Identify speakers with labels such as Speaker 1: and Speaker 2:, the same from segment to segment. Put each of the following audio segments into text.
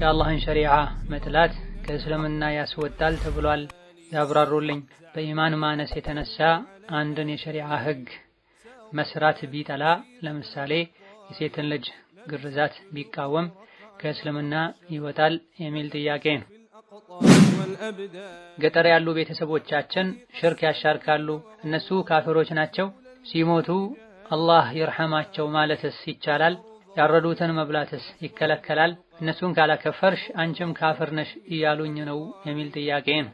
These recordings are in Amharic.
Speaker 1: የአላህን ሸሪዓ መጥላት ከእስልምና ያስወጣል ተብሏል። ያብራሩልኝ። በኢማን ማነስ የተነሳ አንድን የሸሪዓ ህግ መስራት ቢጠላ፣ ለምሳሌ የሴትን ልጅ ግርዛት ቢቃወም ከእስልምና ይወጣል የሚል ጥያቄ ነው። ገጠር ያሉ ቤተሰቦቻችን ሽርክ ያሻርካሉ። እነሱ ካፊሮች ናቸው። ሲሞቱ አላህ ይርሐማቸው ማለትስ ይቻላል? ያረዱትን መብላትስ ይከለከላል? እነሱን ካላከፈርሽ አንቺም ካፍር ነሽ እያሉኝ ነው የሚል ጥያቄ ነው።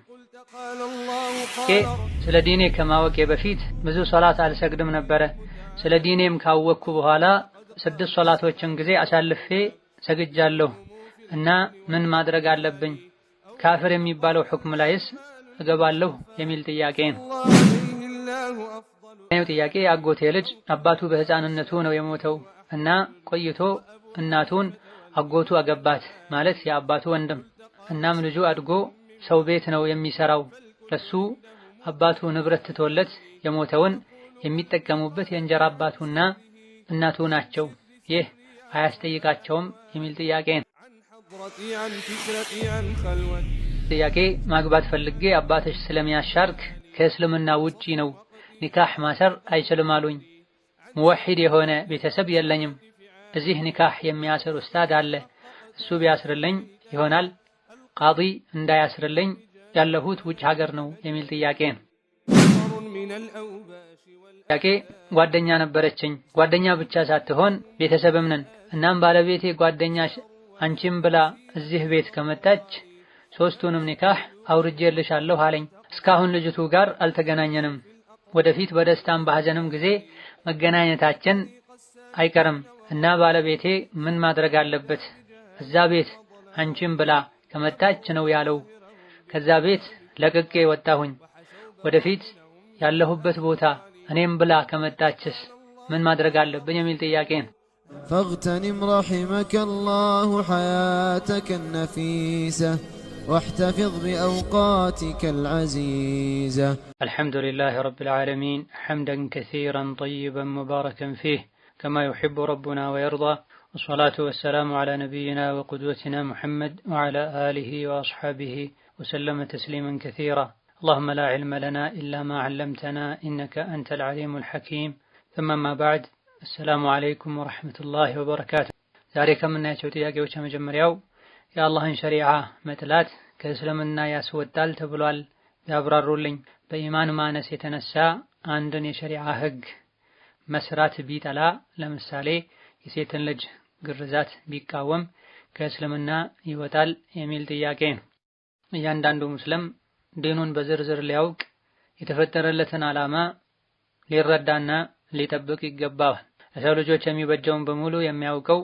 Speaker 1: ስለ ዲኔ ከማወቄ በፊት ብዙ ሶላት አልሰግድም ነበረ። ስለ ዲኔም ካወቅኩ በኋላ ስድስት ሶላቶችን ጊዜ አሳልፌ ሰግጃለሁ እና ምን ማድረግ አለብኝ? ካፍር የሚባለው ሁክም ላይስ እገባለሁ የሚል ጥያቄ ነው። ጥያቄ አጎቴ ልጅ አባቱ በህፃንነቱ ነው የሞተው እና ቆይቶ እናቱን አጎቱ አገባት ማለት የአባቱ ወንድም። እናም ልጁ አድጎ ሰው ቤት ነው የሚሰራው። ለሱ አባቱ ንብረት ትቶለት የሞተውን የሚጠቀሙበት የእንጀራ አባቱና እናቱ ናቸው። ይህ አያስጠይቃቸውም የሚል ጥያቄ ነው። ጥያቄ ማግባት ፈልጌ አባትሽ ስለሚያሻርክ ከእስልምና ውጪ ነው ኒካህ ማሰር አይችልም አሉኝ። ሙወሒድ የሆነ ቤተሰብ የለኝም፣ እዚህ ኒካህ የሚያስር ኡስታዝ አለ፣ እሱ ቢያስርልኝ ይሆናል፣ ቃዲ እንዳያስርልኝ ያለሁት ውጭ ሀገር ነው የሚል ጥያቄ ነው። ጥያቄ ጓደኛ ነበረችኝ፣ ጓደኛ ብቻ ሳትሆን ቤተሰብም ነን። እናም ባለቤቴ ጓደኛሽ አንቺም ብላ እዚህ ቤት ከመጣች ሶስቱንም ኒካህ አውርጄልሻለሁ አለኝ። እስካሁን ልጅቱ ጋር አልተገናኘንም። ወደፊት በደስታም በሐዘንም ጊዜ መገናኘታችን አይቀርም እና ባለቤቴ ምን ማድረግ አለበት? እዛ ቤት አንቺም ብላ ከመጣች ነው ያለው። ከዛ ቤት ለቅቄ ወጣሁኝ። ወደፊት ያለሁበት ቦታ እኔም ብላ ከመጣችስ ምን ማድረግ አለብኝ የሚል ጥያቄ ነው። ፈግተኒም رحمك الله حياتك النفيسه
Speaker 2: واحتفظ بأوقاتك العزيزة الحمد لله رب العالمين حمدا كثيرا طيبا مباركا فيه كما يحب ربنا ويرضى والصلاة والسلام على نبينا وقدوتنا محمد وعلى آله وأصحابه وسلم تسليما كثيرا اللهم لا علم لنا إلا ما علمتنا إنك أنت العليم الحكيم ثم ما بعد السلام عليكم ورحمة الله وبركاته ዛሬ ከምናያቸው ጥያቄዎች መጀመሪያው የአላህን ሸሪዓ መጥላት ከእስልምና ያስወጣል ተብሏል። ያብራሩልኝ። በኢማን ማነስ የተነሳ አንድን የሸሪዓ ህግ መስራት ቢጠላ፣ ለምሳሌ የሴትን ልጅ ግርዛት ቢቃወም ከእስልምና ይወጣል የሚል ጥያቄ ነው። እያንዳንዱ ሙስልም ዲኑን በዝርዝር ሊያውቅ የተፈጠረለትን ዓላማ ሊረዳና ሊጠብቅ ይገባዋል። ለሰው ልጆች የሚበጀውን በሙሉ የሚያውቀው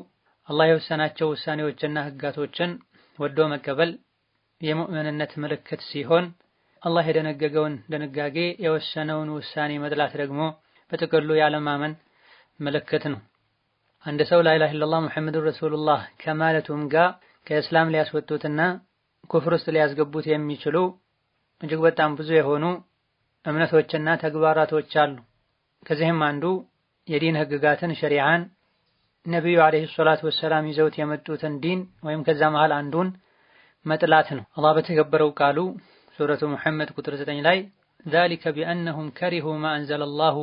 Speaker 2: አላህ የወሰናቸው ውሳኔዎችና ህጋቶችን ወዶ መቀበል የሙእምንነት ምልክት ሲሆን አላህ የደነገገውን ድንጋጌ የወሰነውን ውሳኔ መጥላት ደግሞ በጥቅሉ ያለማመን ምልክት ነው። አንድ ሰው ላኢላሃ ኢለላህ ሙሐመዱን ረሱሉላህ ከማለቱም ጋር ከእስላም ሊያስወጡትና ኩፍር ውስጥ ሊያስገቡት የሚችሉ እጅግ በጣም ብዙ የሆኑ እምነቶችና ተግባራቶች አሉ። ከዚህም አንዱ የዲን ህግጋትን ሸሪዓን ነቢዩ ዓለይሂ ሰላቱ ወሰላም ይዘውት የመጡትን ዲን ወይም ከዛ መሃል አንዱን መጥላት ነው። አላህ በተገበረው ቃሉ ሱረቱ ሙሐመድ ቁጥር 9 ላይ ዛሊከ ቢአነሁም ከሪሁ ማ አንዘለላሁ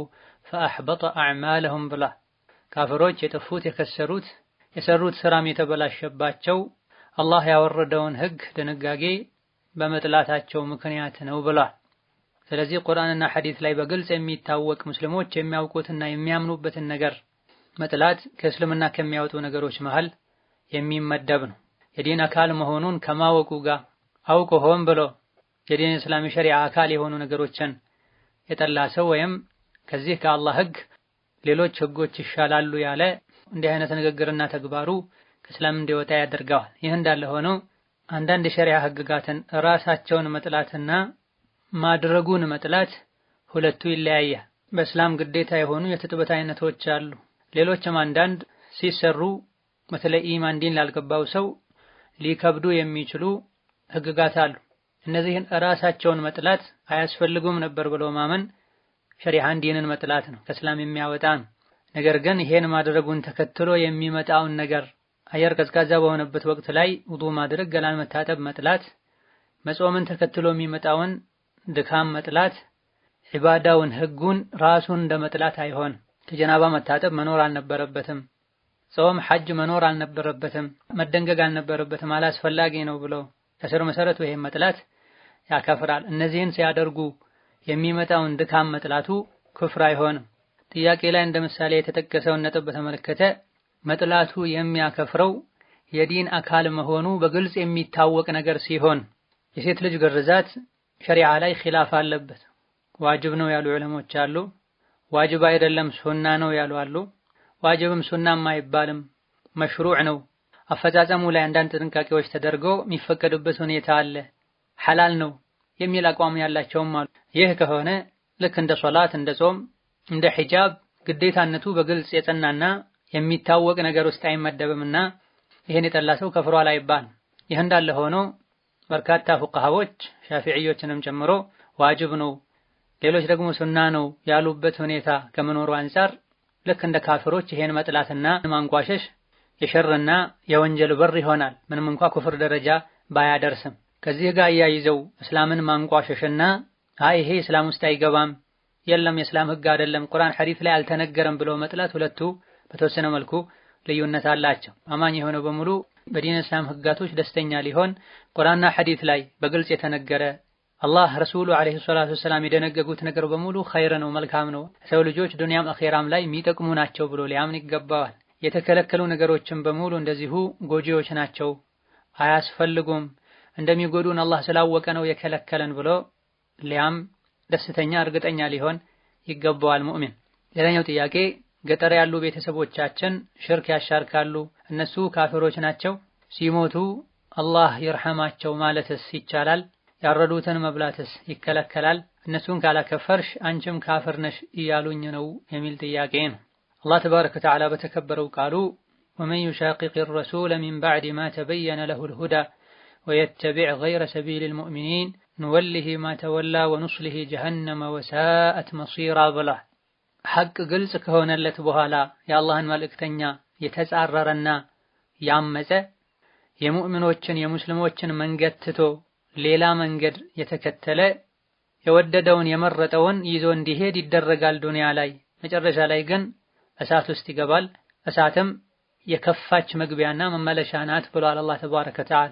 Speaker 2: ፈአሕበጠ አዕማለሁም ብላ ካፍሮች የጠፉት የከሰሩት የሰሩት ስራም የተበላሸባቸው አላህ ያወረደውን ህግ ድንጋጌ በመጥላታቸው ምክንያት ነው ብሏል። ስለዚህ ቁርአንና ሐዲስ ላይ በግልጽ የሚታወቅ ሙስሊሞች የሚያውቁትና የሚያምኑበትን ነገር መጥላት ከእስልምና ከሚያወጡ ነገሮች መሃል የሚመደብ ነው። የዲን አካል መሆኑን ከማወቁ ጋር አውቆ ሆን ብሎ የዲን እስላሚ ሸሪዓ አካል የሆኑ ነገሮችን የጠላ ሰው ወይም ከዚህ ከአላህ ሕግ ሌሎች ህጎች ይሻላሉ ያለ እንዲህ አይነት ንግግርና ተግባሩ ከእስላም እንዲወጣ ያደርገዋል። ይህ እንዳለ ሆኖ አንዳንድ የሸሪዓ ህግጋትን ራሳቸውን መጥላትና ማድረጉን መጥላት ሁለቱ ይለያያል። በእስላም ግዴታ የሆኑ የትጥበት አይነቶች አሉ። ሌሎችም አንዳንድ ሲሰሩ በተለይ ኢማን ዲን ላልገባው ሰው ሊከብዱ የሚችሉ ህግጋት አሉ። እነዚህን ራሳቸውን መጥላት አያስፈልጉም ነበር ብሎ ማመን ሸሪዓን ዲንን መጥላት ነው፣ ከእስላም የሚያወጣ ነው። ነገር ግን ይሄን ማድረጉን ተከትሎ የሚመጣውን ነገር አየር ቀዝቃዛ በሆነበት ወቅት ላይ ውዱ ማድረግ፣ ገላን መታጠብ መጥላት፣ መጾምን ተከትሎ የሚመጣውን ድካም መጥላት፣ ዒባዳውን ህጉን ራሱን እንደ መጥላት አይሆንም። ከጀናባ መታጠብ መኖር አልነበረበትም። ጾም፣ ሐጅ መኖር አልነበረበትም። መደንገግ አልነበረበትም። አላስፈላጊ ነው ብለው ከስር መሰረቱ ይሄን መጥላት ያከፍራል። እነዚህን ሲያደርጉ የሚመጣውን ድካም መጥላቱ ክፍር አይሆንም። ጥያቄ ላይ እንደ ምሳሌ የተጠቀሰውን ነጥብ በተመለከተ መጥላቱ የሚያከፍረው የዲን አካል መሆኑ በግልጽ የሚታወቅ ነገር ሲሆን የሴት ልጅ ግርዛት ሸሪዓ ላይ ኺላፍ አለበት። ዋጅብ ነው ያሉ ዑለሞች አሉ። ዋጅብ አይደለም ሱና ነው ያሉ አሉ። ዋጅብም ሱናም አይባልም መሽሩዕ ነው። አፈጻጸሙ ላይ አንዳንድ ጥንቃቄዎች ተደርጎ የሚፈቀዱበት ሁኔታ አለ። ሐላል ነው የሚል አቋም ያላቸውም አሉ። ይህ ከሆነ ልክ እንደ ሶላት፣ እንደ ጾም፣ እንደ ሒጃብ ግዴታነቱ በግልጽ የጸናና የሚታወቅ ነገር ውስጥ አይመደብምና ይህን የጠላ ሰው ከፍሯል አይባል። ይህ እንዳለ ሆኖ በርካታ ፉቃሃዎች ሻፊዕዮችንም ጨምሮ ዋጅብ ነው ሌሎች ደግሞ ሱና ነው ያሉበት ሁኔታ ከመኖሩ አንጻር ልክ እንደ ካፍሮች ይሄን መጥላትና ማንቋሸሽ የሸርና የወንጀል በር ይሆናል፣ ምንም እንኳ ኩፍር ደረጃ ባያደርስም። ከዚህ ጋር እያይዘው እስላምን ማንቋሸሽና አይ ይሄ እስላም ውስጥ አይገባም፣ የለም የእስላም ህግ አይደለም፣ ቁርአን ሐዲስ ላይ አልተነገረም ብሎ መጥላት ሁለቱ በተወሰነ መልኩ ልዩነት አላቸው። አማኝ የሆነ በሙሉ በዲን እስላም ህጋቶች ደስተኛ ሊሆን ቁርአንና ሐዲስ ላይ በግልጽ የተነገረ አላህ ረሱሉ ዓለይሂ ሰላቱ ወሰላም የደነገጉት ነገር በሙሉ ኸይር ነው፣ መልካም ነው፣ ሰው ልጆች ዱንያም አኼራም ላይ የሚጠቅሙ ናቸው ብሎ ሊያምን ይገባዋል። የተከለከሉ ነገሮችን በሙሉ እንደዚሁ ጎጂዎች ናቸው፣ አያስፈልጉም፣ እንደሚጎዱን አላህ ስላወቀ ነው የከለከለን ብሎ ሊያም ደስተኛ እርግጠኛ ሊሆን ይገባዋል ሙእሚን። ሌላኛው ጥያቄ ገጠር ያሉ ቤተሰቦቻችን ሽርክ ያሻርካሉ፣ እነሱ ካፊሮች ናቸው፣ ሲሞቱ አላህ ይርሐማቸው ማለትስ ይቻላል? ያረዱትን መብላትስ ይከለከላል? እነሱን ካላከፈርሽ አንቺም ካፍር ነሽ እያሉኝ ነው የሚል ጥያቄ ነው። አላህ ተባረከ ወተዓላ በተከበረው ቃሉ ወመን ዩሻቂቅ ረሱለ ሚን ባዕድ ማ ተበየነ ለሁ ልሁዳ ወየተቢዕ ገይረ ሰቢል ልሙእሚኒን ንወሊሂ ማ ተወላ ወኑስሊሂ ጀሀነመ ወሳአት መሲራ ብሏል። ሐቅ ግልጽ ከሆነለት በኋላ የአላህን መልእክተኛ የተጻረረና ያመፀ የሙእሚኖችን የሙስሊሞችን መንገድ ትቶ ሌላ መንገድ የተከተለ የወደደውን የመረጠውን ይዞ እንዲሄድ ይደረጋል ዱንያ ላይ። መጨረሻ ላይ ግን እሳት ውስጥ ይገባል። እሳትም የከፋች መግቢያና መመለሻ ናት ብሏል አላህ ተባረከ ወተዓላ።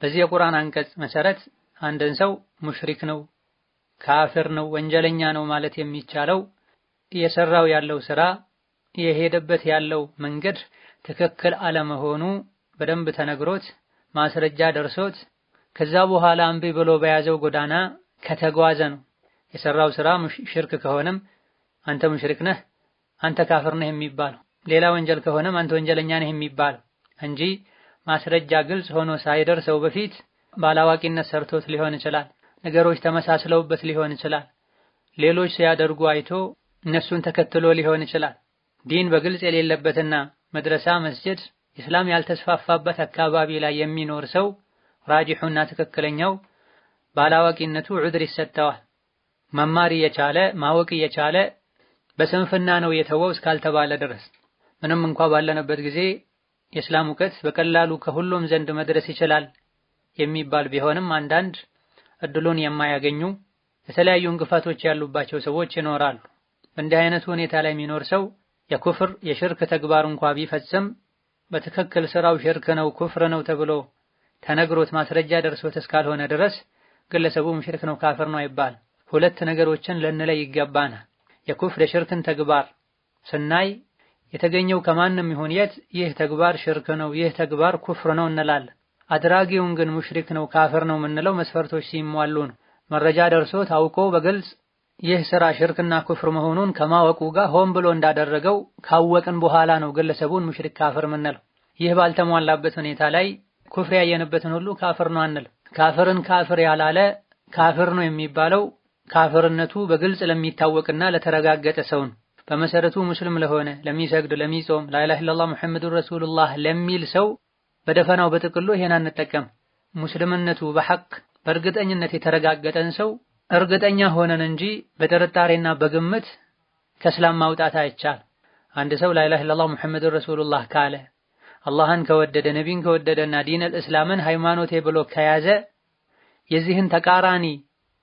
Speaker 2: በዚህ የቁርአን አንቀጽ መሰረት አንድን ሰው ሙሽሪክ ነው፣ ካፍር ነው፣ ወንጀለኛ ነው ማለት የሚቻለው የሰራው ያለው ስራ የሄደበት ያለው መንገድ ትክክል አለመሆኑ በደንብ ተነግሮት ማስረጃ ደርሶት ከዛ በኋላ እምቢ ብሎ በያዘው ጎዳና ከተጓዘ ነው የሰራው ስራ ሽርክ ከሆነም አንተ ሙሽሪክ ነህ፣ አንተ ካፍር ነህ የሚባለው ሌላ ወንጀል ከሆነም አንተ ወንጀለኛ ነህ የሚባለው እንጂ ማስረጃ ግልጽ ሆኖ ሳይደርሰው በፊት ባላዋቂነት ሰርቶት ሊሆን ይችላል። ነገሮች ተመሳስለውበት ሊሆን ይችላል። ሌሎች ሲያደርጉ አይቶ እነሱን ተከትሎ ሊሆን ይችላል። ዲን በግልጽ የሌለበትና መድረሳ መስጅድ፣ ኢስላም ያልተስፋፋበት አካባቢ ላይ የሚኖር ሰው ራጂሑና ትክክለኛው ባላዋቂነቱ ዑድር ይሰጠዋል። መማር እየቻለ ማወቅ እየቻለ በስንፍና ነው የተወው እስካልተባለ ድረስ ምንም እንኳ ባለንበት ጊዜ የእስላም እውቀት በቀላሉ ከሁሉም ዘንድ መድረስ ይችላል የሚባል ቢሆንም አንዳንድ እድሉን የማያገኙ የተለያዩ እንቅፋቶች ያሉባቸው ሰዎች ይኖራሉ። በእንዲህ አይነቱ ሁኔታ ላይ የሚኖር ሰው የኩፍር የሽርክ ተግባር እንኳ ቢፈጽም በትክክል ስራው ሽርክ ነው፣ ኩፍር ነው ተብሎ ተነግሮት ማስረጃ ደርሶት እስካልሆነ ድረስ ግለሰቡ ሙሽሪክ ነው ካፍር ነው ይባል። ሁለት ነገሮችን ልንለይ ይገባናል። የኩፍር የሽርክን ተግባር ስናይ የተገኘው ከማንም ይሁን የት ይህ ተግባር ሽርክ ነው፣ ይህ ተግባር ኩፍር ነው እንላለን። አድራጊውን ግን ሙሽሪክ ነው ካፍር ነው የምንለው መስፈርቶች ሲሟሉ ነው። መረጃ ደርሶት አውቆ በግልጽ ይህ ስራ ሽርክና ኩፍር መሆኑን ከማወቁ ጋር ሆን ብሎ እንዳደረገው ካወቅን በኋላ ነው ግለሰቡን ሙሽሪክ ካፍር የምንለው። ይህ ባልተሟላበት ሁኔታ ላይ ኩፍር ያየንበትን ሁሉ ካፍር ነው አንል። ካፍርን ካፍር ያላለ ካፍር ነው የሚባለው ካፍርነቱ በግልጽ ለሚታወቅና ለተረጋገጠ ሰው ነው። በመሰረቱ ሙስልም ለሆነ ለሚሰግድ፣ ለሚጾም ላ ኢላሀ ኢለላህ ሙሐመዱን ረሱሉላህ ለሚል ሰው በደፈናው በጥቅሉ ይሄን አንጠቀም። ሙስልምነቱ በሐቅ በእርግጠኝነት የተረጋገጠን ሰው እርግጠኛ ሆነን እንጂ በጥርጣሬና በግምት ከእስላም ማውጣት አይቻል። አንድ ሰው ላ ኢላሀ ኢለላህ ሙሐመዱን ረሱሉላህ ካለ አላህን ከወደደ ነቢን ከወደደና ዲነል እስላምን ሃይማኖቴ ብሎ ከያዘ የዚህን ተቃራኒ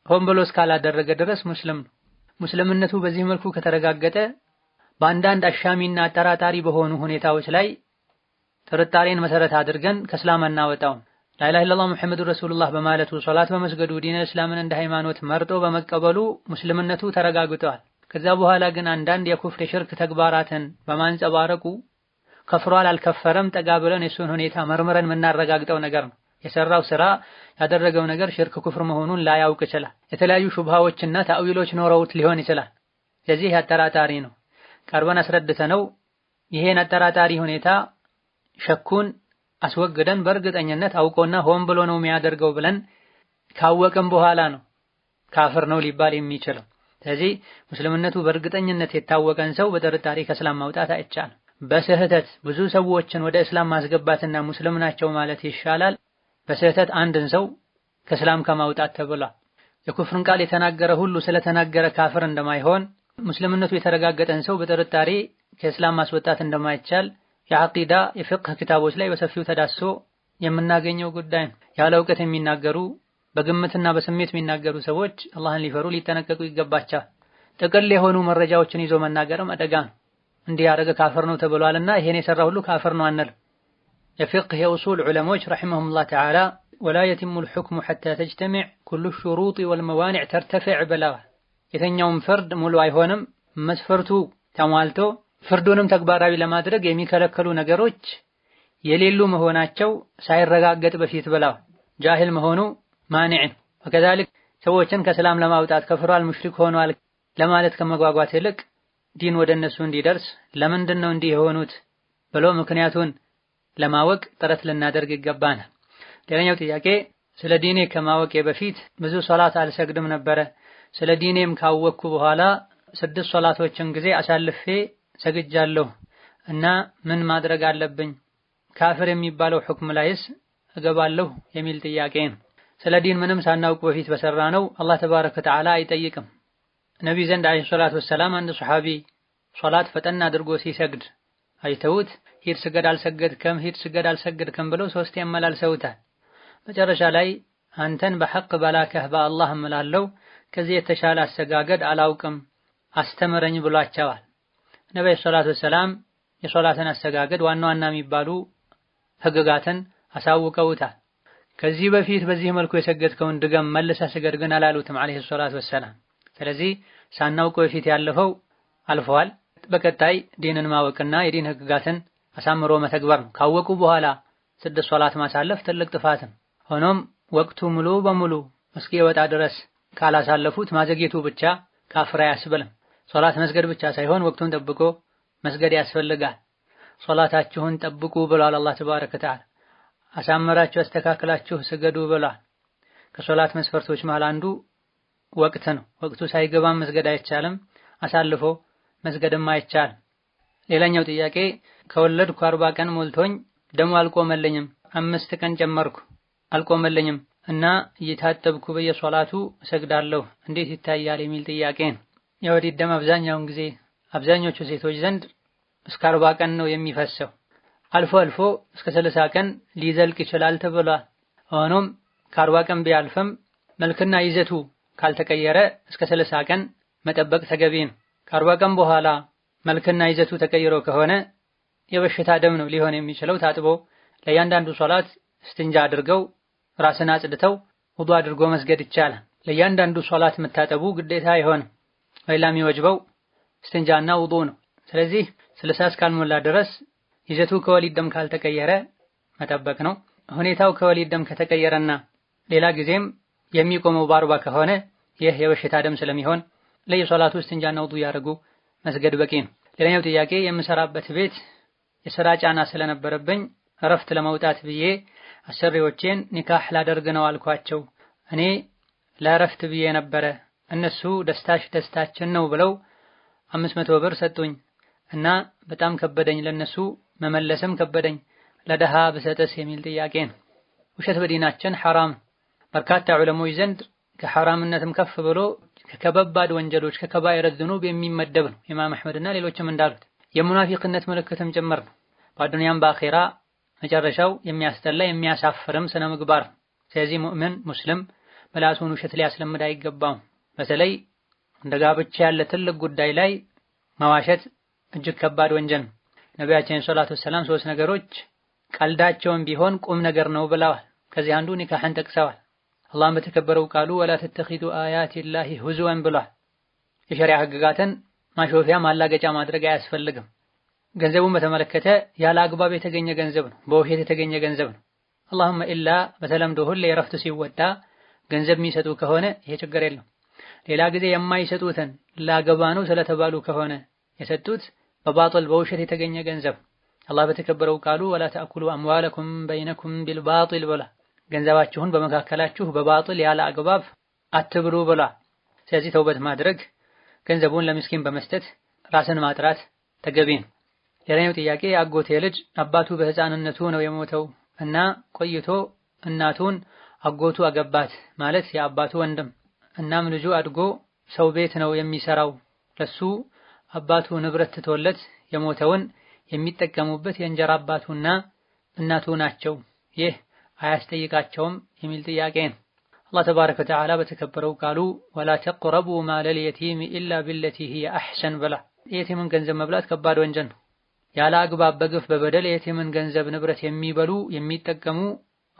Speaker 2: ሆን ብሎ እስካላደረገ ድረስ ሙስልም ነው። ሙስልምነቱ በዚህ መልኩ ከተረጋገጠ በአንዳንድ አሻሚና አጠራጣሪ በሆኑ ሁኔታዎች ላይ ጥርጣሬን መሰረት አድርገን ከእስላም አናወጣውም። ላኢላሃ ኢለላህ ሙሐመዱን ረሱሉላህ በማለቱ ሶላት በመስገዱ ዲነል እስላምን እንደ ሃይማኖት መርጦ በመቀበሉ ሙስልምነቱ ተረጋግጠዋል። ከዛ በኋላ ግን አንዳንድ የኩፍር የሽርክ ተግባራትን በማንጸባረቁ ከፍሯል አልከፈረም ጠጋ ብለን የሱን ሁኔታ መርምረን የምናረጋግጠው ነገር ነው። የሰራው ስራ ያደረገው ነገር ሽርክ ኩፍር መሆኑን ላያውቅ ይችላል። የተለያዩ ሹብሃዎችና ታዊሎች ኖረውት ሊሆን ይችላል። ለዚህ አጠራጣሪ ነው። ቀርበን አስረድተነው ይሄን አጠራጣሪ ሁኔታ ሸኩን አስወግደን በእርግጠኝነት አውቆና ሆን ብሎ ነው የሚያደርገው ብለን ካወቅም በኋላ ነው ካፍር ነው ሊባል የሚችለው። ስለዚህ ሙስልምነቱ በእርግጠኝነት የታወቀን ሰው በጥርጣሬ ከእስላም ማውጣት አይቻልም። በስህተት ብዙ ሰዎችን ወደ እስላም ማስገባትና ሙስሊም ናቸው ማለት ይሻላል በስህተት አንድን ሰው ከእስላም ከማውጣት ተብሏል። የኩፍርን ቃል የተናገረ ሁሉ ስለተናገረ ካፍር እንደማይሆን ሙስሊምነቱ የተረጋገጠን ሰው በጥርጣሬ ከእስላም ማስወጣት እንደማይቻል የአቂዳ የፍቅህ ክታቦች ላይ በሰፊው ተዳሶ የምናገኘው ጉዳይ ነው። ያለ እውቀት የሚናገሩ በግምትና በስሜት የሚናገሩ ሰዎች አላህን ሊፈሩ ሊጠነቀቁ ይገባቸዋል። ጥቅል የሆኑ መረጃዎችን ይዞ መናገርም አደጋ ነው። እንዲህ ያደረገ ካፈር ነው ተብሏልና ይሄን የሰራ ሁሉ ካፈር ነው አንል። የፊቅህ የኡሱል ዑለሞች ረሒመሁሙላህ ተዓላ ወላ የቲሙል ሑክሙ ሐታ ተጅተሚዕ ኩሉ ሹሩጢ ወልመዋኒዕ ተርተፊዕ ብለዋል። የተኛውም ፍርድ ሙሉ አይሆንም መስፈርቱ ተሟልቶ ፍርዱንም ተግባራዊ ለማድረግ የሚከለከሉ ነገሮች የሌሉ መሆናቸው ሳይረጋገጥ በፊት ብለዋል። ጃሂል መሆኑ ማኒዕ ነው። ወከዛሊክ ሰዎችን ከሰላም ለማውጣት ከፍሯል፣ ሙሽሪክ ሆኗል ለማለት ከመጓጓት ይልቅ ዲን ወደ እነሱ እንዲደርስ ለምንድን ነው እንዲህ የሆኑት ብሎ ምክንያቱን ለማወቅ ጥረት ልናደርግ ይገባናል። ሌላኛው ጥያቄ ስለ ዲኔ ከማወቄ በፊት ብዙ ሶላት አልሰግድም ነበረ። ስለ ዲኔም ካወቅኩ በኋላ ስድስት ሶላቶችን ጊዜ አሳልፌ ሰግጃለሁ እና ምን ማድረግ አለብኝ? ካፍር የሚባለው ሕክም ላይስ እገባለሁ የሚል ጥያቄ ነው። ስለ ዲን ምንም ሳናውቅ በፊት በሰራ ነው አላህ ተባረከ ወተዓላ አይጠይቅም። ነቢይ ዘንድ ዓለይሂ ሰላቱ ወሰላም አንድ ሰሓቢ ሶላት ፈጠና አድርጎ ሲሰግድ አይተውት ሂድ ስገድ አልሰገድክም ሂድ ስገድ አልሰገድከም ብለው ሶስት ያመላልሰውታል። መጨረሻ ላይ አንተን በሐቅ በላከህ በአላህ እምላለው ከዚህ የተሻለ አሰጋገድ አላውቅም አስተምረኝ ብሏቸዋል። ነቢይ ሰላቱ ወሰላም የሶላትን አሰጋገድ ዋና ዋና የሚባሉ ህግጋትን አሳውቀውታል። ከዚህ በፊት በዚህ መልኩ የሰገድከውን ድገም መልሰህ ስገድ ግን አላሉትም ዓለይሂ ሰላቱ ወሰላም። ስለዚህ ሳናውቀው በፊት ያለፈው አልፈዋል። በቀጣይ ዲንን ማወቅና የዲን ህግጋትን አሳምሮ መተግበር ነው። ካወቁ በኋላ ስድስት ሶላት ማሳለፍ ትልቅ ጥፋት ነው። ሆኖም ወቅቱ ሙሉ በሙሉ እስኪ ወጣ ድረስ ካላሳለፉት ማዘግየቱ ብቻ ካፍራ አያስብልም። ሶላት መስገድ ብቻ ሳይሆን ወቅቱን ጠብቆ መስገድ ያስፈልጋል። ሶላታችሁን ጠብቁ ብሏል አላህ ተባረከ ወተዓላ። አሳምራችሁ አስተካክላችሁ ስገዱ ብሏል። ከሶላት መስፈርቶች መሃል አንዱ ወቅት ነው። ወቅቱ ሳይገባም መስገድ አይቻልም፣ አሳልፎ መስገድም አይቻልም። ሌላኛው ጥያቄ ከወለድኩ አርባ ቀን ሞልቶኝ ደሞ አልቆመለኝም አምስት ቀን ጨመርኩ አልቆመለኝም እና እየታጠብኩ በየሶላቱ እሰግዳለሁ እንዴት ይታያል የሚል ጥያቄ ነው። የወሊድ ደም አብዛኛውን ጊዜ አብዛኞቹ ሴቶች ዘንድ እስከ አርባ ቀን ነው የሚፈሰው። አልፎ አልፎ እስከ ሰላሳ ቀን ሊዘልቅ ይችላል ተብሏል። ሆኖም ከአርባ ቀን ቢያልፍም መልክና ይዘቱ ካልተቀየረ እስከ ስልሳ ቀን መጠበቅ ተገቢ ነው። ከአርባ ቀን በኋላ መልክና ይዘቱ ተቀይሮ ከሆነ የበሽታ ደም ነው ሊሆን የሚችለው። ታጥቦ ለእያንዳንዱ ሶላት እስትንጃ አድርገው ራስን አጽድተው ውዱ አድርጎ መስገድ ይቻላል። ለእያንዳንዱ ሶላት መታጠቡ ግዴታ አይሆንም። ወይላ የሚወጅበው እስትንጃና ውዱ ነው። ስለዚህ ስልሳ እስካልሞላ ድረስ ይዘቱ ከወሊድ ደም ካልተቀየረ መጠበቅ ነው። ሁኔታው ከወሊድ ደም ከተቀየረና ሌላ ጊዜም የሚቆመው ባርባ ከሆነ ይህ የበሽታ ደም ስለሚሆን ለየሶላት ውስጥ እንጃና ውዱ መስገድ በቂ ነው። ሌላኛው ጥያቄ የምሰራበት ቤት የስራ ጫና ስለነበረብኝ እረፍት ለመውጣት ብዬ አሰሪዎቼን ኒካህ ላደርግ ነው አልኳቸው። እኔ ለእረፍት ብዬ ነበረ፣ እነሱ ደስታሽ ደስታችን ነው ብለው አምስት መቶ ብር ሰጡኝ እና በጣም ከበደኝ፣ ለነሱ መመለስም ከበደኝ። ለደሃ ብሰጠስ የሚል ጥያቄ ነው። ውሸት በዲናችን ሐራም በርካታ ዑለሞች ዘንድ ከሐራምነትም ከፍ ብሎ ከከባድ ወንጀሎች ከከባይረ ዝኑብ የሚመደብ ነው። ኢማም አሕመድና ሌሎችም እንዳሉት የሙናፊቅነት ምልክትም ጭምር ነው። በአዱንያም በአኼራ መጨረሻው የሚያስጠላ የሚያሳፍርም ስነ ምግባር ነው። ስለዚህ ሙእምን ሙስልም ምላሱን ውሸት ሊያስለምድ አይገባም። በተለይ እንደ ጋብቻ ያለ ትልቅ ጉዳይ ላይ መዋሸት እጅግ ከባድ ወንጀል ነው። ነቢያችን ሰላቱ ወሰላም ሶስት ነገሮች ቀልዳቸውም ቢሆን ቁም ነገር ነው ብለዋል። ከዚህ አንዱ ኒካህን ጠቅሰዋል። አላህም በተከበረው ቃሉ ወላ ተተኺዱ አያቲላሂ ሁዝወን ብሏል። የሸሪያ ህግጋትን ማሾፊያ ማላገጫ ማድረግ አያስፈልግም። ገንዘቡን በተመለከተ ያለ አግባብ የተገኘ ገንዘብ ነው፣ በውሸት የተገኘ ገንዘብ ነው። አላሁመ ኢላ በተለምዶ ሁሌ የረፍቱ ሲወጣ ገንዘብ የሚሰጡ ከሆነ ይሄ ችግር የለም። ሌላ ጊዜ የማይሰጡትን ላገባ ነው ስለተባሉ ከሆነ የሰጡት በባጥል በውሸት የተገኘ ገንዘብ አላህ በተከበረው ቃሉ ወላ ተአኩሉ አምዋለኩም በይነኩም ቢልባጢል ብሏል። ገንዘባችሁን በመካከላችሁ በባጥል ያለ አግባብ አትብሉ ብሏል። ስለዚህ ተውበት ማድረግ ገንዘቡን ለምስኪን በመስጠት ራስን ማጥራት ተገቢ ነው። ሌላኛው ጥያቄ አጎቴ ልጅ አባቱ በህፃንነቱ ነው የሞተው እና ቆይቶ እናቱን አጎቱ አገባት ማለት የአባቱ ወንድም። እናም ልጁ አድጎ ሰው ቤት ነው የሚሰራው። ለሱ አባቱ ንብረት ትቶለት የሞተውን የሚጠቀሙበት የእንጀራ አባቱና እናቱ ናቸው። ይህ አያስጠይቃቸውም የሚል ጥያቄ ነው። አላህ ተባረከ ወተዓላ በተከበረው ቃሉ ወላ ተቅረቡ ማለል የቲም ኢላ ቢለቲ ሂየ አሕሰን ብላ የቲምን ገንዘብ መብላት ከባድ ወንጀል ነው። ያለ አግባብ በግፍ በበደል የቲምን ገንዘብ ንብረት የሚበሉ የሚጠቀሙ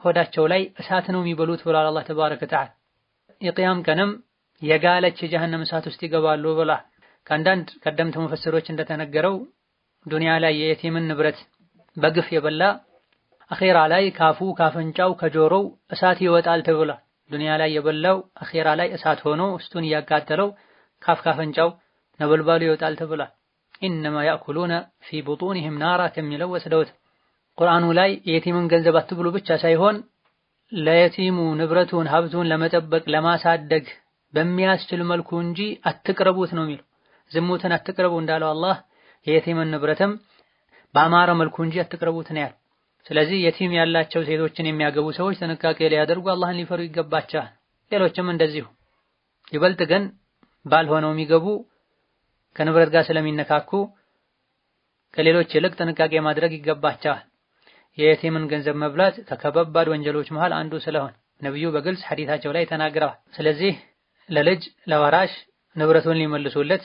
Speaker 2: ሆዳቸው ላይ እሳት ነው የሚበሉት ብሏል አላህ ተባረከ ወተዓላ። የቅያም ቀንም የጋለች የጀሀነም እሳት ውስጥ ይገባሉ ብላ ከአንዳንድ ቀደምት ሙፈስሮች እንደተነገረው ዱንያ ላይ የየቲምን ንብረት በግፍ የበላ አኼራ ላይ ካፉ ካፈንጫው ከጆሮው እሳት ይወጣል ተብሏል። ዱንያ ላይ የበላው አኼራ ላይ እሳት ሆኖ ውስጡን እያቃጠለው ካፍ ካፈንጫው ነበልባሉ ይወጣል ተብሏል። ኢነማ ያእኩሉነ ፊ ቡጡኒሂም ናራ ከሚለው ወስደውት ቁርአኑ ላይ የቲምን ገንዘብ አትብሉ ብቻ ሳይሆን ለየቲሙ ንብረቱን ሀብቱን ለመጠበቅ ለማሳደግ በሚያስችል መልኩ እንጂ አትቅረቡት ነው የሚለው። ዝሙትን አትቅረቡ እንዳለው አላህ የየቲምን ንብረትም በአማረ መልኩ እንጂ አትቅረቡት ነው ያለው። ስለዚህ የቲም ያላቸው ሴቶችን የሚያገቡ ሰዎች ጥንቃቄ ሊያደርጉ አላህን ሊፈሩ ይገባቸዋል። ሌሎችም እንደዚሁ። ይበልጥ ግን ባል ሆነው የሚገቡ ከንብረት ጋር ስለሚነካኩ ከሌሎች ይልቅ ጥንቃቄ ማድረግ ይገባቸዋል። የየቲምን ገንዘብ መብላት ከከባድ ወንጀሎች መሃል አንዱ ስለሆነ ነብዩ በግልጽ ሐዲታቸው ላይ ተናግረዋል። ስለዚህ ለልጅ ለወራሽ ንብረቱን ሊመልሱለት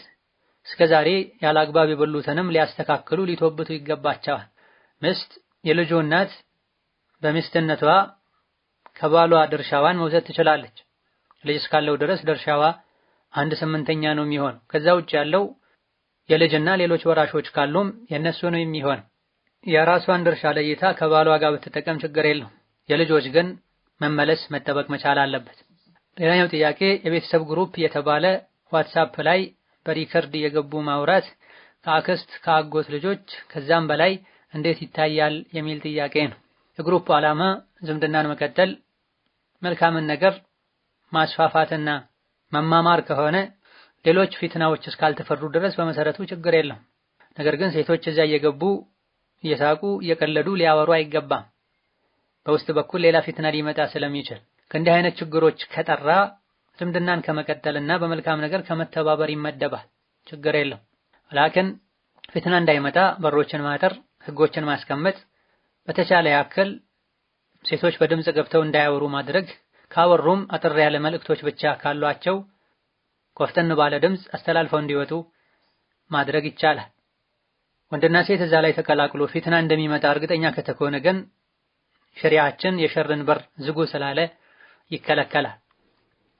Speaker 2: እስከዛሬ ያለ አግባብ የበሉትንም ሊያስተካክሉ ሊቶብቱ ይገባቸዋል። ምስት የልጁ እናት በሚስትነቷ ከባሏ ድርሻዋን መውሰድ ትችላለች። ልጅ እስካለው ድረስ ድርሻዋ አንድ ስምንተኛ ነው የሚሆነው። ከዛ ውጭ ያለው የልጅና ሌሎች ወራሾች ካሉም የነሱ ነው የሚሆን። የራሷን ድርሻ ለይታ ከባሏ ጋር ብትጠቀም ችግር የለው። የልጆች ግን መመለስ መጠበቅ መቻል አለበት። ሌላኛው ጥያቄ የቤተሰብ ግሩፕ የተባለ ዋትሳፕ ላይ በሪከርድ የገቡ ማውራት ከአክስት ከአጎት ልጆች ከዛም በላይ እንዴት ይታያል የሚል ጥያቄ ነው። የግሩፕ ዓላማ ዝምድናን መቀጠል፣ መልካምን ነገር ማስፋፋትና መማማር ከሆነ ሌሎች ፊትናዎች እስካልተፈሩ ድረስ በመሰረቱ ችግር የለም። ነገር ግን ሴቶች እዚያ እየገቡ እየሳቁ እየቀለዱ ሊያወሩ አይገባም። በውስጥ በኩል ሌላ ፊትና ሊመጣ ስለሚችል ከእንዲህ አይነት ችግሮች ከጠራ ዝምድናን ከመቀጠልና በመልካም ነገር ከመተባበር ይመደባል። ችግር የለም። ላክን ፊትና እንዳይመጣ በሮችን ማጠር ህጎችን ማስቀመጥ፣ በተቻለ ያክል ሴቶች በድምፅ ገብተው እንዳያወሩ ማድረግ፣ ካወሩም አጥር ያለ መልእክቶች ብቻ ካሏቸው ቆፍጠን ባለ ድምፅ አስተላልፈው እንዲወጡ ማድረግ ይቻላል። ወንድና ሴት እዛ ላይ ተቀላቅሎ ፊትና እንደሚመጣ እርግጠኛ ከተኮነ ግን ሸሪዓችን የሸርን በር ዝጉ ስላለ ይከለከላል።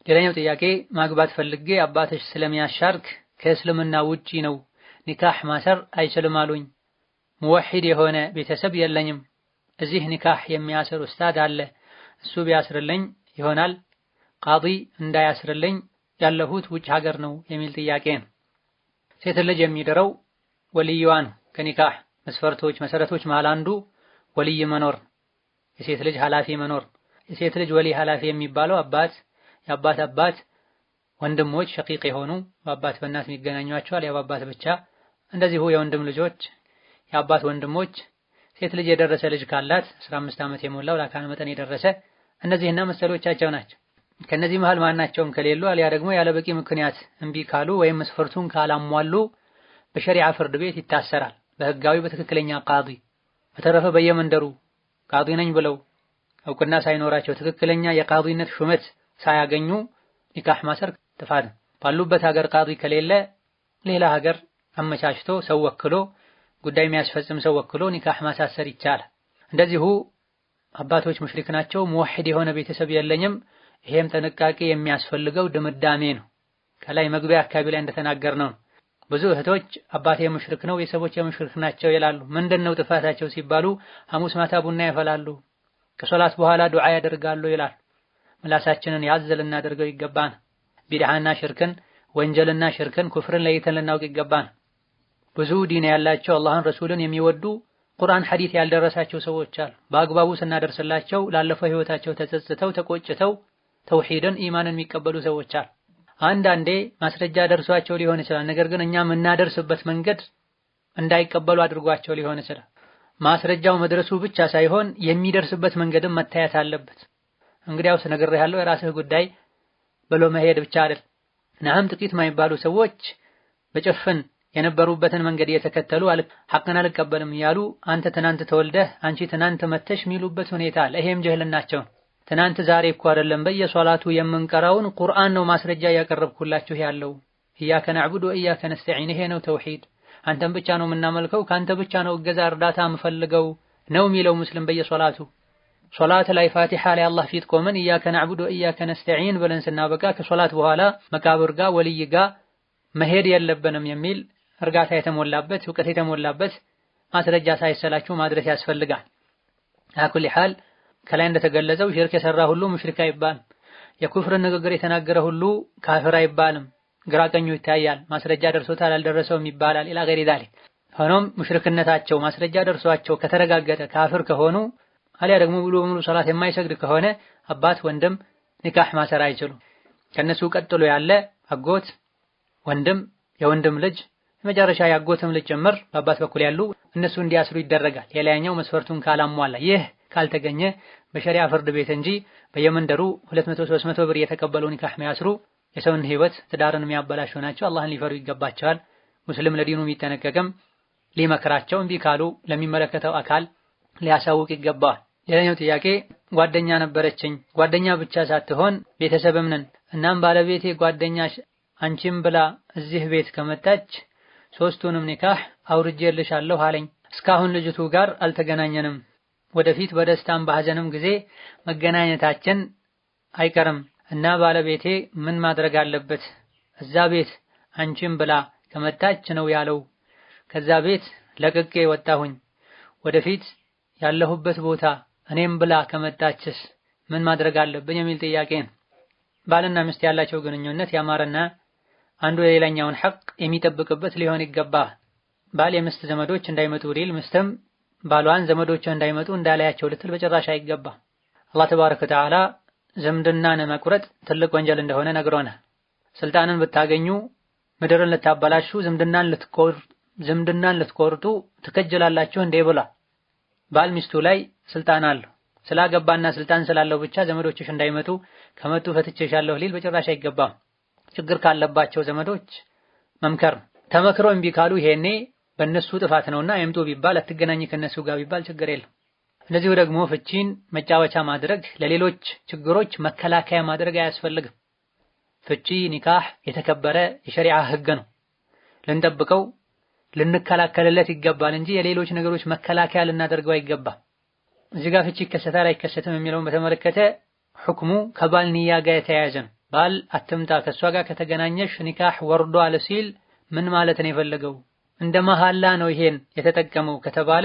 Speaker 2: ሌላኛው ጥያቄ ማግባት ፈልጌ አባትሽ ስለሚያሻርክ ከእስልምና ውጪ ነው ኒካህ ማሰር አይችልም አሉኝ። ሙወሒድ የሆነ ቤተሰብ የለኝም፣ እዚህ ኒካህ የሚያስር ኡስታዝ አለ፣ እሱ ቢያስርልኝ ይሆናል፣ ቃዲ እንዳያስርልኝ ያለሁት ውጭ ሀገር ነው የሚል ጥያቄ ነው። ሴት ልጅ የሚድረው ወልይዋን ከኒካህ መስፈርቶች መሰረቶች መሃል አንዱ ወልይ መኖር፣ የሴት ልጅ ኃላፊ መኖር። የሴት ልጅ ወልይ ኃላፊ የሚባለው አባት፣ የአባት አባት፣ ወንድሞች ሸቂቅ የሆኑ በአባት በእናት የሚገናኟቸዋል፣ ያው አባት ብቻ እንደዚሁ የወንድም ልጆች የአባት ወንድሞች ሴት ልጅ የደረሰ ልጅ ካላት 15 ዓመት የሞላው ለአካል መጠን የደረሰ እነዚህና መሰሎቻቸው ናቸው። ከነዚህ መሃል ማናቸውም ከሌሉ አልያ ደግሞ ያለ በቂ ምክንያት እምቢ ካሉ ወይም መስፈርቱን ካላሟሉ በሸሪዓ ፍርድ ቤት ይታሰራል፣ በህጋዊ በትክክለኛ ቃዲ። በተረፈ በየመንደሩ ቃዲ ነኝ ብለው እውቅና ሳይኖራቸው ትክክለኛ የቃዲነት ሹመት ሳያገኙ ኒካህ ማሰር ጥፋት ነው። ባሉበት ሀገር ቃዲ ከሌለ ሌላ ሀገር አመቻችቶ ሰው ወክሎ ጉዳይ የሚያስፈጽም ሰው ወክሎ ኒካህ ማሳሰር ይቻላል። እንደዚሁ አባቶች ሙሽሪክ ናቸው፣ ሙወሂድ የሆነ ቤተሰብ የለኝም፣ ይሄም ጥንቃቄ የሚያስፈልገው ድምዳሜ ነው። ከላይ መግቢያ አካባቢ ላይ እንደተናገር ነው። ብዙ እህቶች አባቴ ሙሽሪክ ነው፣ ቤተሰቦች የሙሽሪክ ናቸው ይላሉ። ምንድን ነው ጥፋታቸው ሲባሉ ሐሙስ ማታ ቡና ይፈላሉ፣ ከሶላት በኋላ ዱዓ ያደርጋሉ ይላሉ። ምላሳችንን ያዝ ልናደርገው ይገባን። ቢድዓና ሽርክን፣ ወንጀልና ሽርክን፣ ኩፍርን ለይተን ልናውቅ ይገባን። ብዙ ዲን ያላቸው አላህን ረሱልን የሚወዱ ቁርአን ሐዲት ያልደረሳቸው ሰዎች አሉ። በአግባቡ ስናደርስላቸው ላለፈው ህይወታቸው ተጸጽተው ተቆጭተው ተውሂድን ኢማንን የሚቀበሉ ሰዎች አሉ። አንዳንዴ ማስረጃ ደርሷቸው ሊሆን ይችላል። ነገር ግን እኛ የምናደርስበት መንገድ እንዳይቀበሉ አድርጓቸው ሊሆን ይችላል። ማስረጃው መድረሱ ብቻ ሳይሆን የሚደርስበት መንገድም መታየት አለበት። እንግዲያውስ ያለው የራስህ ጉዳይ ብሎ መሄድ ብቻ አይደል። ናህም ጥቂት የማይባሉ ሰዎች በጭፍን የነበሩበትን መንገድ እየተከተሉ ሐቅን አልቀበልም እያሉ አንተ ትናንት ተወልደህ አንቺ ትናንት መተሽ የሚሉበት ሁኔታ አለ። ይሄም ጀህልናቸው ትናንት ዛሬ እኮ አይደለም በየሶላቱ የምንቀራውን ቁርአን ነው ማስረጃ እያቀረብኩላችሁ ያለው። እያከ ነዕቡድ ወእያከ ነስተዒን ይሄ ነው ተውሂድ። አንተን ብቻ ነው የምናመልከው፣ ከአንተ ብቻ ነው እገዛ እርዳታ የምፈልገው ነው የሚለው ሙስሊም በየሶላቱ ሶላት ላይ ፋቲሓ ላይ አላህ ፊት ቆመን እያከ ነዕቡድ ወእያከ ነስተዒን ብለን ስናበቃ ከሶላት በኋላ መቃብር ጋር ወልይ ጋር መሄድ የለብንም የሚል እርጋታ የተሞላበት እውቀት የተሞላበት ማስረጃ ሳይሰላችሁ ማድረስ ያስፈልጋል። አኩል ሐል ከላይ እንደተገለጸው ሽርክ የሰራ ሁሉ ሙሽሪክ አይባልም። የኩፍር ንግግር የተናገረ ሁሉ ካፍር አይባልም። ግራ ቀኙ ይታያል። ማስረጃ ደርሶታል አልደረሰውም ይባላል። ኢላ ገሪ ዛሊክ። ሆኖም ሙሽርክነታቸው ማስረጃ ደርሷቸው ከተረጋገጠ ካፍር ከሆኑ አሊያ ደግሞ ሙሉ በሙሉ ሰላት የማይሰግድ ከሆነ አባት፣ ወንድም ኒካህ ማሰር አይችሉም። ከነሱ ቀጥሎ ያለ አጎት፣ ወንድም፣ የወንድም ልጅ መጨረሻ ያጎትም ልጅ በአባት በኩል ያሉ እነሱ እንዲያስሩ ይደረጋል። የላይኛው መስፈርቱን ካላሟላ ይህ ካልተገኘ በሸሪያ ፍርድ ቤት እንጂ በየመንደሩ 200 300 ብር የተቀበሉ ኒካህ የሚያስሩ የሰውን ህይወት ትዳርን የሚያበላሹ ናቸው። አላህን ሊፈሩ ይገባቸዋል። ሙስሊም ለዲኑ የሚጠነቀቅም ሊመክራቸው እምቢ ካሉ ለሚመለከተው አካል ሊያሳውቅ ይገባዋል። ሌላኛው ጥያቄ ጓደኛ ነበረችኝ፣ ጓደኛ ብቻ ሳትሆን ቤተሰብም ነን። እናም ባለቤቴ ጓደኛሽ አንቺም ብላ እዚህ ቤት ከመጣች ሶስቱንም ኒካህ አውርጄልሻለሁ አለኝ። እስካሁን ልጅቱ ጋር አልተገናኘንም። ወደፊት በደስታም በሐዘንም ጊዜ መገናኘታችን አይቀርም እና ባለቤቴ ምን ማድረግ አለበት? እዛ ቤት አንቺም ብላ ከመጣች ነው ያለው። ከዛ ቤት ለቅቄ ወጣሁኝ። ወደፊት ያለሁበት ቦታ እኔም ብላ ከመጣችስ ምን ማድረግ አለብኝ የሚል ጥያቄ ባልና ሚስት ያላቸው ግንኙነት ያማረና አንዱ የሌላኛውን ሐቅ የሚጠብቅበት ሊሆን ይገባ ባል የምስት ዘመዶች እንዳይመጡ ሊል ምስትም ባሏን ዘመዶች እንዳይመጡ እንዳላያቸው ልትል በጭራሽ አይገባ። አላህ ተባረከ ወተዓላ ዝምድናን መቁረጥ ትልቅ ወንጀል እንደሆነ ነግሮናል። ስልጣንን ብታገኙ ምድርን ልታበላሹ ዝምድናን ልትቆርጡ ትከጀላላችሁ እንዴ ብሏል። ባል ሚስቱ ላይ ስልጣን አለው። ስላገባና ስልጣን ስላለው ብቻ ዘመዶችሽ እንዳይመጡ ከመጡ ፈትቼሻለሁ ሊል በጭራሽ አይገባም። ችግር ካለባቸው ዘመዶች መምከር ነው። ተመክረው እምቢ ካሉ ይሄኔ በእነሱ ጥፋት ነውና አይምጡ ቢባል አትገናኝ ከነሱ ጋር ቢባል ችግር የለም። እንደዚሁ ደግሞ ፍቺን መጫወቻ ማድረግ ለሌሎች ችግሮች መከላከያ ማድረግ አያስፈልግም። ፍቺ ኒካህ የተከበረ የሸሪዓ ህግ ነው። ልንጠብቀው ልንከላከልለት ይገባል እንጂ የሌሎች ነገሮች መከላከያ ልናደርገው አይገባም። እዚህ ጋር ፍቺ ይከሰታል አይከሰትም የሚለውን በተመለከተ ሕክሙ ከባል ንያ ጋር የተያያዘ ነው። ባል አትምጣ ከእሷ ጋር ከተገናኘሽ ኒካህ ወርዷል ሲል ምን ማለት ነው የፈለገው? እንደ መሃላ ነው ይሄን የተጠቀመው ከተባለ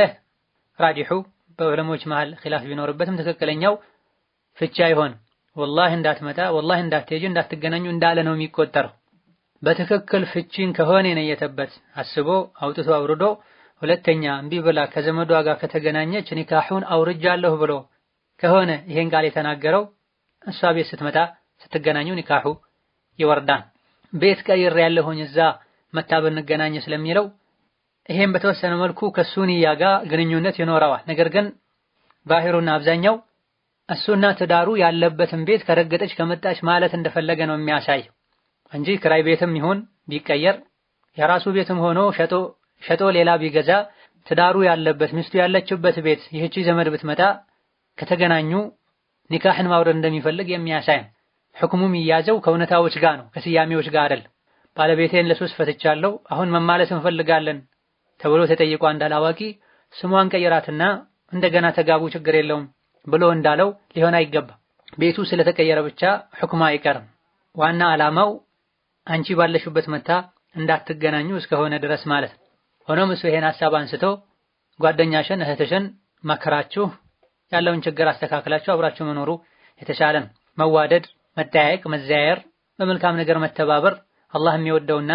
Speaker 2: ራዲሑ በዑለሞች መሃል ኺላፍ ቢኖርበትም ትክክለኛው ፍቻ ይሆን ወላሂ እንዳትመጣ፣ ወላሂ እንዳትሄጂ፣ እንዳትገናኙ እንዳለ ነው የሚቆጠረው። በትክክል ፍቺን ከሆነ የነየተበት አስቦ አውጥቶ አውርዶ ሁለተኛ እምቢ ብላ ከዘመዷ ጋር ከተገናኘች ኒካሑን አውርጃለሁ ብሎ ከሆነ ይሄን ቃል የተናገረው እሷ ቤት ስትመጣ ስትገናኙ ኒካሑ ይወርዳል። ቤት ቀይር ያለሆኝ እዛ መታ ብንገናኝ ስለሚለው ይሄም በተወሰነ መልኩ ከሱንያ ጋር ግንኙነት ይኖረዋል። ነገር ግን ባህሩና አብዛኛው እሱና ትዳሩ ያለበትን ቤት ከረገጠች ከመጣች ማለት እንደፈለገ ነው የሚያሳይ እንጂ ክራይ ቤትም ይሁን ቢቀየር የራሱ ቤትም ሆኖ ሸጦ ሸጦ ሌላ ቢገዛ ትዳሩ ያለበት ሚስቱ ያለችበት ቤት ይህቺ ዘመድ ብትመጣ ከተገናኙ ኒካህን ማውረድ እንደሚፈልግ የሚያሳይ ነው። ህክሙም ይያዘው ከእውነታዎች ጋር ነው፣ ከስያሜዎች ጋር አይደል። ባለቤቴን ለሶስት ፈትቻለሁ፣ አሁን መማለስ እንፈልጋለን ተብሎ ተጠይቆ አንድ አዋቂ ስሟን ቀይራትና እንደገና ተጋቡ ችግር የለውም ብሎ እንዳለው ሊሆን አይገባ። ቤቱ ስለተቀየረ ብቻ ሕክሙ አይቀርም። ዋና ዓላማው አንቺ ባለሽበት መታ እንዳትገናኙ እስከሆነ ድረስ ማለት ነው። ሆኖም እሱ ይሄን ሐሳብ አንስቶ ጓደኛሽን እህትሽን መከራችሁ ያለውን ችግር አስተካክላችሁ አብራችሁ መኖሩ የተሻለ ነው። መዋደድ መጠያየቅ፣ መዘያየር፣ በመልካም ነገር መተባበር አላህ የሚወደውና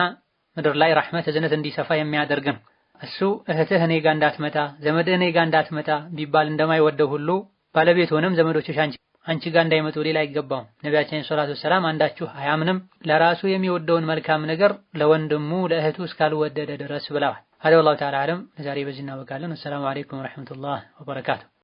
Speaker 2: ምድር ላይ ረሕመት እዝነት እንዲሰፋ የሚያደርግ ነው። እሱ እህትህ እኔ ጋር እንዳትመጣ ዘመድህ እኔ ጋር እንዳትመጣ ቢባል እንደማይወደው ሁሉ ሆነም ዘመዶችሽ አንቺ አንቺ ጋር እንዳይመጡ ሌላ አይገባውም። ነቢያችን ሰላቱ ወሰላም አንዳችሁ አያምንም ለራሱ የሚወደውን መልካም ነገር ለወንድሙ ለእህቱ እስካልወደደ ድረስ ብለዋል። አደ ወላሁ ተዓላ አለም። ለዛሬ በዚህ እናበቃለን። ወሰላሙ አለይኩም ወረሕመቱላህ ወበረካቱ።